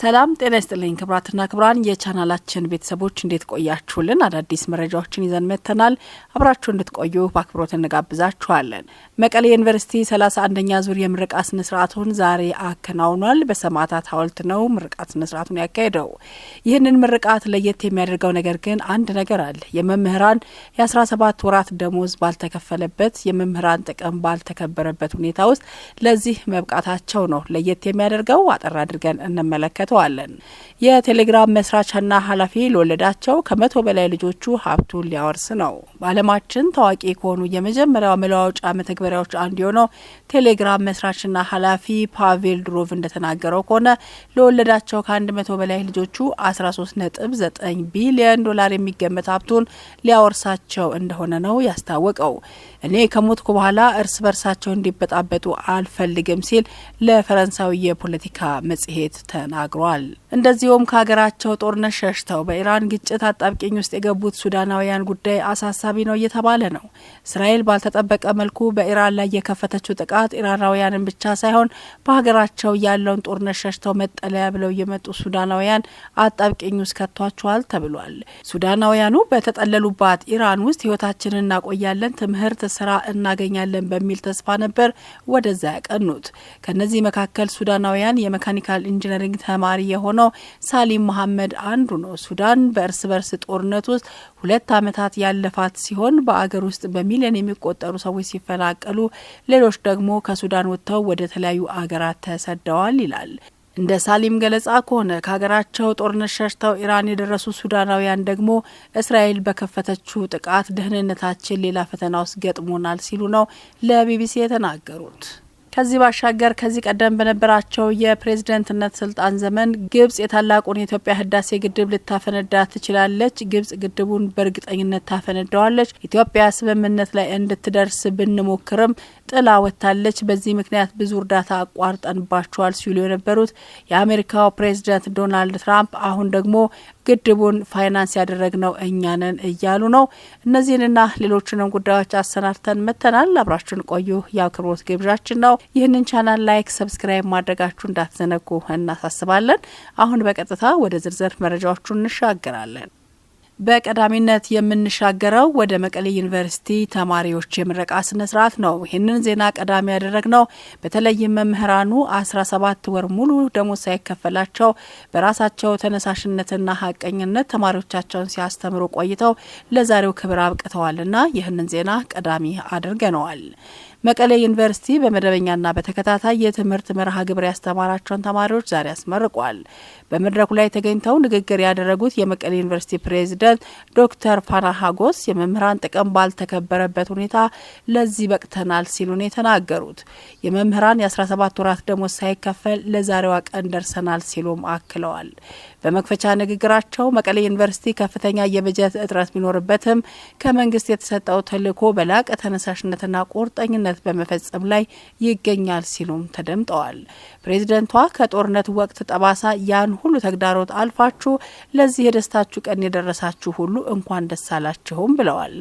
ሰላም ጤና ይስጥልኝ ክብራትና ክብራን የቻናላችን ቤተሰቦች እንዴት ቆያችሁልን? አዳዲስ መረጃዎችን ይዘን መጥተናል። አብራችሁ እንድትቆዩ በአክብሮት እንጋብዛችኋለን። መቀሌ ዩኒቨርሲቲ ሰላሳ አንደኛ ዙር የምርቃ ስነ ዛሬ አከናውኗል። በሰማዕታት ሐውልት ነው ምርቃት ስነስርዓቱን ያካሄደው። ይህንን ምርቃት ለየት የሚያደርገው ነገር ግን አንድ ነገር አለ። የመምህራን የ17 ወራት ደሞዝ ባልተከፈለበት፣ የመምህራን ጥቅም ባልተከበረበት ሁኔታ ውስጥ ለዚህ መብቃታቸው ነው ለየት የሚያደርገው። አጠር አድርገን እንመለከተው እናያቸዋለን። የቴሌግራም መስራችና ኃላፊ ለወለዳቸው ከመቶ በላይ ልጆቹ ሀብቱን ሊያወርስ ነው። በዓለማችን ታዋቂ ከሆኑ የመጀመሪያው መለዋወጫ መተግበሪያዎች አንዱ የሆነው ቴሌግራም መስራችና ኃላፊ ፓቬል ድሮቭ እንደተናገረው ከሆነ ለወለዳቸው ከአንድ መቶ በላይ ልጆቹ 13.9 ቢሊዮን ዶላር የሚገመት ሀብቱን ሊያወርሳቸው እንደሆነ ነው ያስታወቀው። እኔ ከሞትኩ በኋላ እርስ በርሳቸው እንዲበጣበጡ አልፈልግም ሲል ለፈረንሳዊ የፖለቲካ መጽሔት ተናግሯል። ተናግረዋል። እንደዚሁም ከሀገራቸው ጦርነት ሸሽተው በኢራን ግጭት አጣብቂኝ ውስጥ የገቡት ሱዳናውያን ጉዳይ አሳሳቢ ነው እየተባለ ነው። እስራኤል ባልተጠበቀ መልኩ በኢራን ላይ የከፈተችው ጥቃት ኢራናውያንን ብቻ ሳይሆን በሀገራቸው ያለውን ጦርነት ሸሽተው መጠለያ ብለው የመጡ ሱዳናውያን አጣብቂኝ ውስጥ ከቷቸዋል ተብሏል። ሱዳናውያኑ በተጠለሉባት ኢራን ውስጥ ህይወታችንን እናቆያለን፣ ትምህርት፣ ስራ እናገኛለን በሚል ተስፋ ነበር ወደዛ ያቀኑት። ከነዚህ መካከል ሱዳናውያን የመካኒካል ኢንጂነሪንግ ተማ ተመራማሪ የሆነው ሳሊም መሐመድ አንዱ ነው። ሱዳን በእርስ በርስ ጦርነት ውስጥ ሁለት ዓመታት ያለፋት ሲሆን በአገር ውስጥ በሚሊዮን የሚቆጠሩ ሰዎች ሲፈናቀሉ፣ ሌሎች ደግሞ ከሱዳን ወጥተው ወደ ተለያዩ አገራት ተሰደዋል ይላል። እንደ ሳሊም ገለጻ ከሆነ ከሀገራቸው ጦርነት ሸሽተው ኢራን የደረሱ ሱዳናውያን ደግሞ እስራኤል በከፈተችው ጥቃት ደህንነታችን ሌላ ፈተና ውስጥ ገጥሞናል ሲሉ ነው ለቢቢሲ የተናገሩት። ከዚህ ባሻገር ከዚህ ቀደም በነበራቸው የፕሬዝደንትነት ስልጣን ዘመን ግብጽ የታላቁን የኢትዮጵያ ህዳሴ ግድብ ልታፈነዳ ትችላለች፣ ግብጽ ግድቡን በእርግጠኝነት ታፈነደዋለች። ኢትዮጵያ ስምምነት ላይ እንድትደርስ ብንሞክርም ጥላ ወጥታለች። በዚህ ምክንያት ብዙ እርዳታ አቋርጠንባቸዋል ሲሉ የነበሩት የአሜሪካው ፕሬዚዳንት ዶናልድ ትራምፕ አሁን ደግሞ ግድቡን ፋይናንስ ያደረግነው እኛንን እያሉ ነው። እነዚህንና ሌሎችንም ጉዳዮች አሰናድተን መተናል። አብራችን ቆዩ የአክብሮት ግብዣችን ነው። ይህንን ቻናል ላይክ፣ ሰብስክራይብ ማድረጋችሁ እንዳትዘነጉ እናሳስባለን። አሁን በቀጥታ ወደ ዝርዝር መረጃዎቹ እንሻገራለን። በቀዳሚነት የምንሻገረው ወደ መቀሌ ዩኒቨርሲቲ ተማሪዎች የምረቃ ስነ ስርዓት ነው። ይህንን ዜና ቀዳሚ ያደረግነው በተለይም መምህራኑ 17 ወር ሙሉ ደሞዝ ሳይከፈላቸው በራሳቸው ተነሳሽነትና ሀቀኝነት ተማሪዎቻቸውን ሲያስተምሩ ቆይተው ለዛሬው ክብር አብቅተዋልና ይህንን ዜና ቀዳሚ አድርገነዋል። መቀሌ ዩኒቨርሲቲ በመደበኛና በተከታታይ የትምህርት መርሃ ግብር ያስተማራቸውን ተማሪዎች ዛሬ አስመርቋል። በመድረኩ ላይ ተገኝተው ንግግር ያደረጉት የመቀሌ ዩኒቨርሲቲ ፕሬዝደንት ዶክተር ፋናሃጎስ የመምህራን ጥቅም ባልተከበረበት ሁኔታ ለዚህ በቅተናል ሲሉ ነው የተናገሩት። የመምህራን የ17 ወራት ደሞዝ ሳይከፈል ለዛሬዋ ቀን ደርሰናል ሲሉም አክለዋል። በመክፈቻ ንግግራቸው መቀሌ ዩኒቨርሲቲ ከፍተኛ የበጀት እጥረት ቢኖርበትም ከመንግስት የተሰጠው ተልዕኮ በላቀ ተነሳሽነትና ቁርጠኝነት በመፈጸም ላይ ይገኛል ሲሉም ተደምጠዋል። ፕሬዝደንቷ ከጦርነት ወቅት ጠባሳ ያን ሁሉ ተግዳሮት አልፋችሁ ለዚህ የደስታችሁ ቀን የደረሳችሁ ሁሉ እንኳን ደስ አላችሁም ብለዋል።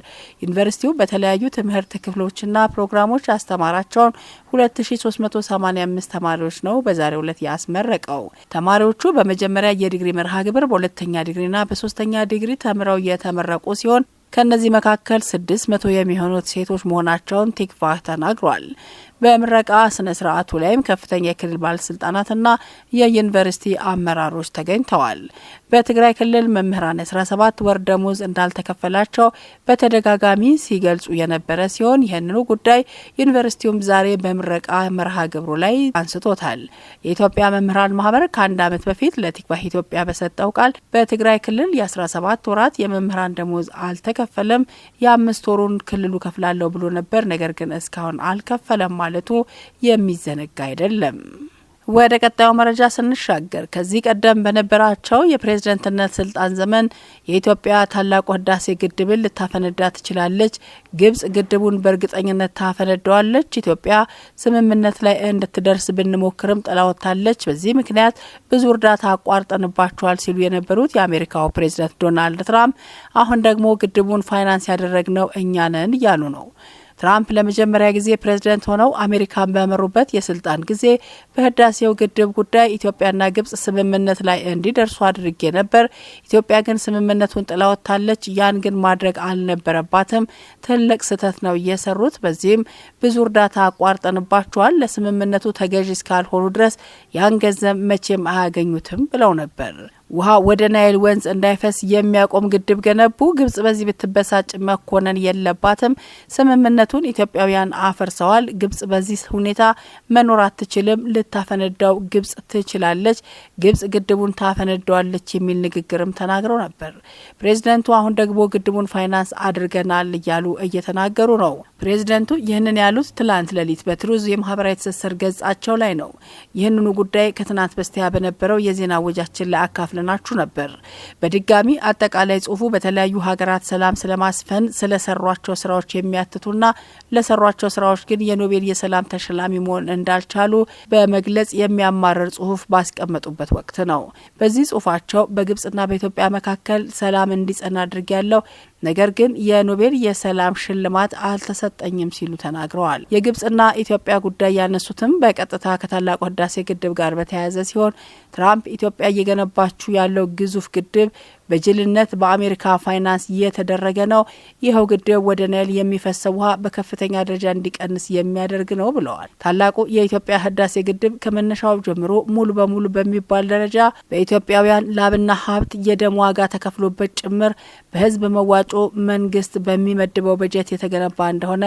ዩኒቨርሲቲው በተለያዩ ትምህርት ክፍሎችና ፕሮግራሞች ያስተማራቸውን 2385 ተማሪዎች ነው በዛሬው ዕለት ያስመረቀው። ተማሪዎቹ በመጀመሪያ የዲግሪ መርሃ ግብር በሁለተኛ ዲግሪና በሶስተኛ ዲግሪ ተምረው የተመረቁ ሲሆን ከእነዚህ መካከል ስድስት መቶ የሚሆኑት ሴቶች መሆናቸውን ቲክቫህ ተናግሯል። በምረቃ ስነ ስርዓቱ ላይም ከፍተኛ የክልል ባለስልጣናትና የዩኒቨርሲቲ አመራሮች ተገኝተዋል። በትግራይ ክልል መምህራን ሰባት ወር ደሞዝ እንዳልተከፈላቸው በተደጋጋሚ ሲገልጹ የነበረ ሲሆን ይህንኑ ጉዳይ ዩኒቨርሲቲውም ዛሬ በምረቃ መርሃ ግብሩ ላይ አንስቶታል። የኢትዮጵያ መምህራን ማህበር ከአንድ ዓመት በፊት ለቲክባህ ኢትዮጵያ በሰጠው ቃል በትግራይ ክልል የ17 ወራት የመምህራን ደሞዝ አልተከፈለም፣ የአምስት ወሩን ክልሉ ከፍላለሁ ብሎ ነበር፣ ነገር ግን እስካሁን አልከፈለም ማለቱ የሚዘነጋ አይደለም። ወደ ቀጣዩ መረጃ ስንሻገር ከዚህ ቀደም በነበራቸው የፕሬዝደንትነት ስልጣን ዘመን የኢትዮጵያ ታላቁ ህዳሴ ግድብን ልታፈነዳ ትችላለች፣ ግብጽ ግድቡን በእርግጠኝነት ታፈነዳዋለች፣ ኢትዮጵያ ስምምነት ላይ እንድትደርስ ብንሞክርም ጥላወታለች፣ በዚህ ምክንያት ብዙ እርዳታ አቋርጠንባቸዋል ሲሉ የነበሩት የአሜሪካው ፕሬዝደንት ዶናልድ ትራምፕ አሁን ደግሞ ግድቡን ፋይናንስ ያደረግነው እኛ ነን እያሉ ነው። ትራምፕ ለመጀመሪያ ጊዜ ፕሬዝደንት ሆነው አሜሪካን በመሩበት የስልጣን ጊዜ በህዳሴው ግድብ ጉዳይ ኢትዮጵያና ግብጽ ስምምነት ላይ እንዲደርሱ አድርጌ ነበር። ኢትዮጵያ ግን ስምምነቱን ጥላ ወጥታለች። ያን ግን ማድረግ አልነበረባትም። ትልቅ ስህተት ነው እየሰሩት። በዚህም ብዙ እርዳታ አቋርጠንባቸዋል። ለስምምነቱ ተገዥ እስካልሆኑ ድረስ ያን ገንዘብ መቼም አያገኙትም ብለው ነበር። ውሃ ወደ ናይል ወንዝ እንዳይፈስ የሚያቆም ግድብ ገነቡ። ግብጽ በዚህ ብትበሳጭ መኮነን የለባትም። ስምምነቱን ኢትዮጵያውያን አፈርሰዋል። ግብጽ በዚህ ሁኔታ መኖር አትችልም። ልታፈነዳው ግብጽ ትችላለች። ግብጽ ግድቡን ታፈነዳዋለች የሚል ንግግርም ተናግረው ነበር። ፕሬዝደንቱ አሁን ደግሞ ግድቡን ፋይናንስ አድርገናል እያሉ እየተናገሩ ነው። ፕሬዝደንቱ ይህንን ያሉት ትላንት ሌሊት በትሩዝ የማህበራዊ ትስስር ገጻቸው ላይ ነው። ይህንኑ ጉዳይ ከትናንት በስቲያ በነበረው የዜና ወጃችን ላይ አካፍ አካፍለናችሁ ነበር። በድጋሚ አጠቃላይ ጽሁፉ በተለያዩ ሀገራት ሰላም ስለማስፈን ስለሰሯቸው ስራዎች የሚያትቱና ለሰሯቸው ስራዎች ግን የኖቤል የሰላም ተሸላሚ መሆን እንዳልቻሉ በመግለጽ የሚያማርር ጽሁፍ ባስቀመጡበት ወቅት ነው። በዚህ ጽሁፋቸው በግብጽና በኢትዮጵያ መካከል ሰላም እንዲጸና ያለው ነገር ግን የኖቤል የሰላም ሽልማት አልተሰጠኝም ሲሉ ተናግረዋል። የግብጽና ኢትዮጵያ ጉዳይ ያነሱትም በቀጥታ ከታላቁ ህዳሴ ግድብ ጋር በተያያዘ ሲሆን ትራምፕ ኢትዮጵያ እየገነባችው ያለው ግዙፍ ግድብ በጅልነት በአሜሪካ ፋይናንስ እየተደረገ ነው። ይኸው ግድብ ወደ ናይል የሚፈሰው ውሃ በከፍተኛ ደረጃ እንዲቀንስ የሚያደርግ ነው ብለዋል። ታላቁ የኢትዮጵያ ህዳሴ ግድብ ከመነሻው ጀምሮ ሙሉ በሙሉ በሚባል ደረጃ በኢትዮጵያውያን ላብና ሀብት የደም ዋጋ ተከፍሎበት ጭምር በህዝብ መዋጮ መንግስት በሚመድበው በጀት የተገነባ እንደሆነ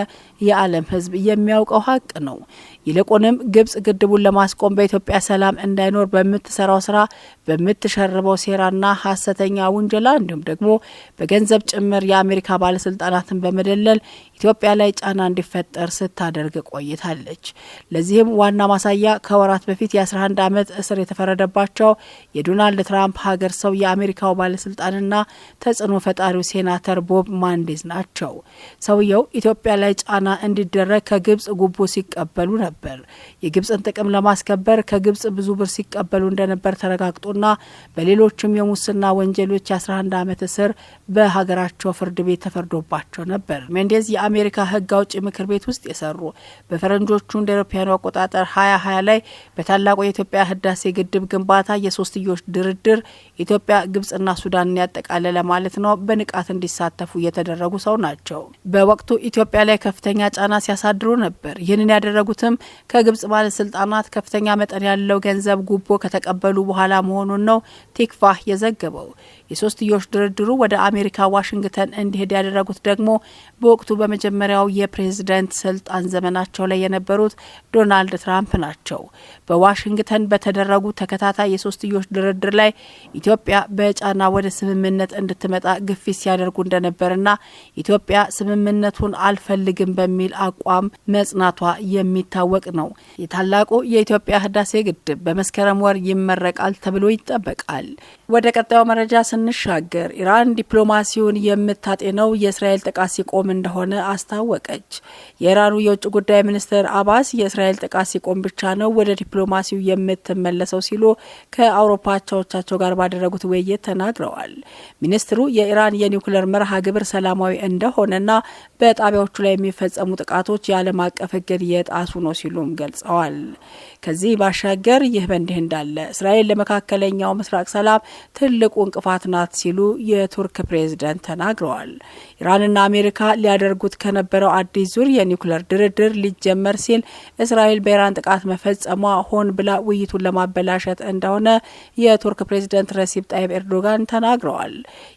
የዓለም ህዝብ የሚያውቀው ሀቅ ነው። ይልቁንም ግብጽ ግድቡን ለማስቆም በኢትዮጵያ ሰላም እንዳይኖር በምትሰራው ስራ በምትሸርበው ሴራና ሀሰተኛ ውንጀላ እንዲሁም ደግሞ በገንዘብ ጭምር የአሜሪካ ባለስልጣናትን በመደለል ኢትዮጵያ ላይ ጫና እንዲፈጠር ስታደርግ ቆይታለች። ለዚህም ዋና ማሳያ ከወራት በፊት የ11 ዓመት እስር የተፈረደባቸው የዶናልድ ትራምፕ ሀገር ሰው የአሜሪካው ባለስልጣንና ተጽዕኖ ፈጣሪው ሴናተር ቦብ ማንዴዝ ናቸው። ሰውየው ኢትዮጵያ ላይ ጫና እንዲደረግ ከግብጽ ጉቦ ሲቀበሉ ነበር። የግብጽን ጥቅም ለማስከበር ከግብጽ ብዙ ብር ሲቀበሉ እንደነበር ተረጋግጦና በሌሎችም የሙስና ወንጀሎች ሴቶች የ11 ዓመት እስር በሀገራቸው ፍርድ ቤት ተፈርዶባቸው ነበር። ሜንዴዝ የአሜሪካ ሕግ አውጪ ምክር ቤት ውስጥ የሰሩ በፈረንጆቹ እንደ አውሮፓውያኑ አቆጣጠር 2020 ላይ በታላቁ የኢትዮጵያ ህዳሴ ግድብ ግንባታ የሶስትዮሽ ድርድር ኢትዮጵያ ግብጽና ሱዳንን ያጠቃለለ ማለት ነው በንቃት እንዲሳተፉ የተደረጉ ሰው ናቸው። በወቅቱ ኢትዮጵያ ላይ ከፍተኛ ጫና ሲያሳድሩ ነበር። ይህንን ያደረጉትም ከግብጽ ባለስልጣናት ከፍተኛ መጠን ያለው ገንዘብ ጉቦ ከተቀበሉ በኋላ መሆኑን ነው ቲክቫህ የዘገበው። የሶስትዮሽ ድርድሩ ወደ አሜሪካ ዋሽንግተን እንዲሄድ ያደረጉት ደግሞ በወቅቱ በመጀመሪያው የፕሬዝደንት ስልጣን ዘመናቸው ላይ የነበሩት ዶናልድ ትራምፕ ናቸው። በዋሽንግተን በተደረጉ ተከታታይ የሶስትዮሽ ድርድር ላይ ኢትዮጵያ በጫና ወደ ስምምነት እንድትመጣ ግፊት ሲያደርጉ እንደነበርና ኢትዮጵያ ስምምነቱን አልፈልግም በሚል አቋም መጽናቷ የሚታወቅ ነው። የታላቁ የኢትዮጵያ ህዳሴ ግድብ በመስከረም ወር ይመረቃል ተብሎ ይጠበቃል። ወደ ቀጣዩ መረጃ ስንሻገር ኢራን ዲፕሎማሲውን የምታጤነው የእስራኤል ጥቃት ሲቆም እንደሆነ አስታወቀች። የኢራኑ የውጭ ጉዳይ ሚኒስትር አባስ የእስራኤል ጥቃት ሲቆም ብቻ ነው ወደ ዲፕሎማሲው የምትመለሰው ሲሉ ከአውሮፓ አቻዎቻቸው ጋር ባደረጉት ውይይት ተናግረዋል። ሚኒስትሩ የኢራን የኒውክለር መርሃ ግብር ሰላማዊ እንደሆነና በጣቢያዎቹ ላይ የሚፈጸሙ ጥቃቶች የዓለም አቀፍ ሕግን የጣሱ ነው ሲሉም ገልጸዋል። ከዚህ ባሻገር ይህ በእንዲህ እንዳለ እስራኤል ለመካከለኛው ምስራቅ ሰላም ትልቁ እንቅፋት ናት ሲሉ የቱርክ ፕሬዝደንት ተናግረዋል። ኢራንና አሜሪካ ሊያደርጉት ከነበረው አዲስ ዙር የኒውክለር ድርድር ሊጀመር ሲል እስራኤል በኢራን ጥቃት መፈጸሟ ሆን ብላ ውይይቱን ለማበላሸት እንደሆነ የቱርክ ፕሬዝደንት ረሲብ ጣይብ ኤርዶጋን ተናግረዋል።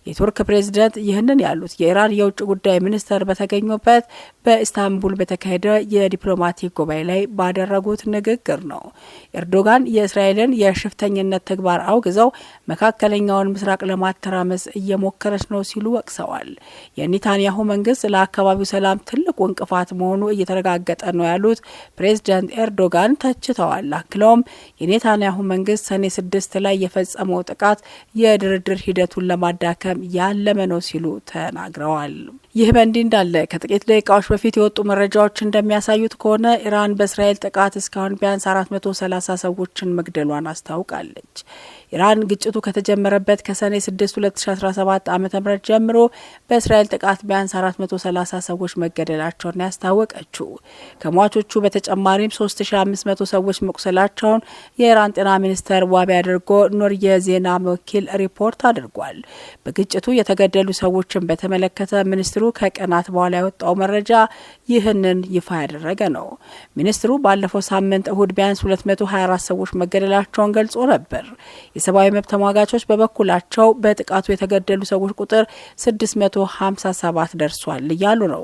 የቱርክ ፕሬዝደንት ይህንን ያሉት የኢራን የውጭ ጉዳይ ሚኒስተር በተገኙበት በኢስታንቡል በተካሄደ የዲፕሎማቲክ ጉባኤ ላይ ባደረጉት ንግግር ነው። ኤርዶጋን የእስራኤልን የሽፍተኝነት ተግባር አውግዘው መካከለኛውን ምስራቅ ለ ለማተራመስ እየሞከረች ነው ሲሉ ወቅሰዋል። የኔታንያሁ መንግስት ለአካባቢው ሰላም ትልቁ እንቅፋት መሆኑ እየተረጋገጠ ነው ያሉት ፕሬዚዳንት ኤርዶጋን ተችተዋል። አክለውም የኔታንያሁ መንግስት ሰኔ ስድስት ላይ የፈጸመው ጥቃት የድርድር ሂደቱን ለማዳከም ያለመ ነው ሲሉ ተናግረዋል። ይህ በእንዲህ እንዳለ ከጥቂት ደቂቃዎች በፊት የወጡ መረጃዎች እንደሚያሳዩት ከሆነ ኢራን በእስራኤል ጥቃት እስካሁን ቢያንስ 430 ሰዎችን መግደሏን አስታውቃለች። ኢራን ግጭቱ ከተጀመረበት ከሰኔ 6 2017 ዓ ም ጀምሮ በእስራኤል ጥቃት ቢያንስ 430 ሰዎች መገደላቸውን ያስታወቀችው ከሟቾቹ በተጨማሪም 3500 ሰዎች መቁሰላቸውን የኢራን ጤና ሚኒስቴር ዋቢ አድርጎ ኖር የዜና ወኪል ሪፖርት አድርጓል። በግጭቱ የተገደሉ ሰዎችን በተመለከተ ሚኒስትሩ ከቀናት በኋላ ያወጣው መረጃ ይህንን ይፋ ያደረገ ነው። ሚኒስትሩ ባለፈው ሳምንት እሁድ ቢያንስ 224 ሰዎች መገደላቸውን ገልጾ ነበር። የሰብአዊ መብት ተሟጋቾች በበኩላቸው በጥቃቱ የተገደሉ ሰዎች ቁጥር 657 ደርሷል እያሉ ነው።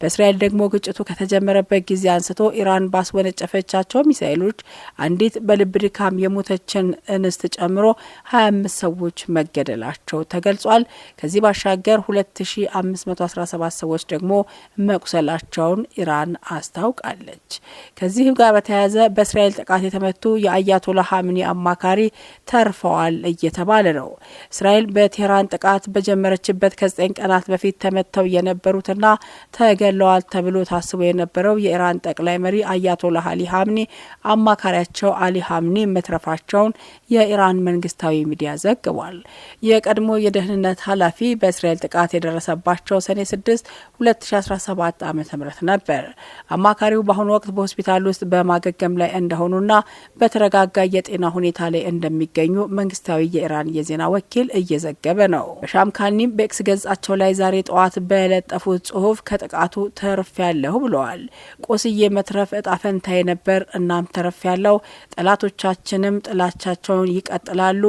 በእስራኤል ደግሞ ግጭቱ ከተጀመረበት ጊዜ አንስቶ ኢራን ባስወነጨፈቻቸው ሚሳይሎች አንዲት በልብ ድካም የሞተችን እንስት ጨምሮ 25 ሰዎች መገደላቸው ተገልጿል። ከዚህ ባሻገር 2517 ሰዎች ደግሞ መቁሰላቸውን ኢራን አስታውቃለች። ከዚህ ጋር በተያያዘ በእስራኤል ጥቃት የተመቱ የአያቶላ ሀምኒ አማካሪ ተርፍ አርፈዋል እየተባለ ነው። እስራኤል በቴህራን ጥቃት በጀመረችበት ከዘጠኝ ቀናት በፊት ተመተው የነበሩትና ተገለዋል ተብሎ ታስቦ የነበረው የኢራን ጠቅላይ መሪ አያቶላህ አሊ ሀምኒ አማካሪያቸው አሊ ሀምኒ መትረፋቸውን የኢራን መንግስታዊ ሚዲያ ዘግቧል። የቀድሞ የደህንነት ኃላፊ በእስራኤል ጥቃት የደረሰባቸው ሰኔ 6 2017 ዓ ም ነበር። አማካሪው በአሁኑ ወቅት በሆስፒታል ውስጥ በማገገም ላይ እንደሆኑና በተረጋጋ የጤና ሁኔታ ላይ እንደሚገኙ መንግስታዊ የኢራን የዜና ወኪል እየዘገበ ነው። በሻምካኒም በኤክስ ገጻቸው ላይ ዛሬ ጠዋት በለጠፉት ጽሁፍ ከጥቃቱ ተርፍ ያለሁ ብለዋል። ቆስዬ መትረፍ እጣ ነበር። እናም ተርፍ ያለው ጠላቶቻችንም ጥላቻቸውን ይቀጥላሉ።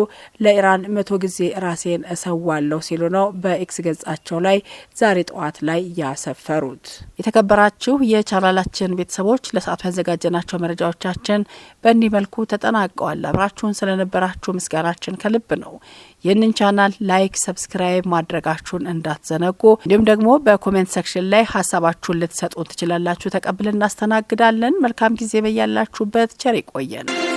ለኢራን መቶ ጊዜ ራሴን እሰዋለሁ ሲሉ ነው በኤክስ ገጻቸው ላይ ዛሬ ጠዋት ላይ ያሰፈሩት። የተከበራችሁ የቻናላችን ቤተሰቦች ለሰዓቱ ያዘጋጀናቸው መረጃዎቻችን በእኒህ መልኩ ተጠናቀዋል። አብራችሁን ስለነበራችሁ ምስጋናችን ከልብ ነው። ይህንን ቻናል ላይክ፣ ሰብስክራይብ ማድረጋችሁን እንዳትዘነጉ። እንዲሁም ደግሞ በኮሜንት ሴክሽን ላይ ሀሳባችሁን ልትሰጡን ትችላላችሁ። ተቀብለን እናስተናግዳለን። መልካም ጊዜ በያላችሁበት ቸር ይቆየን።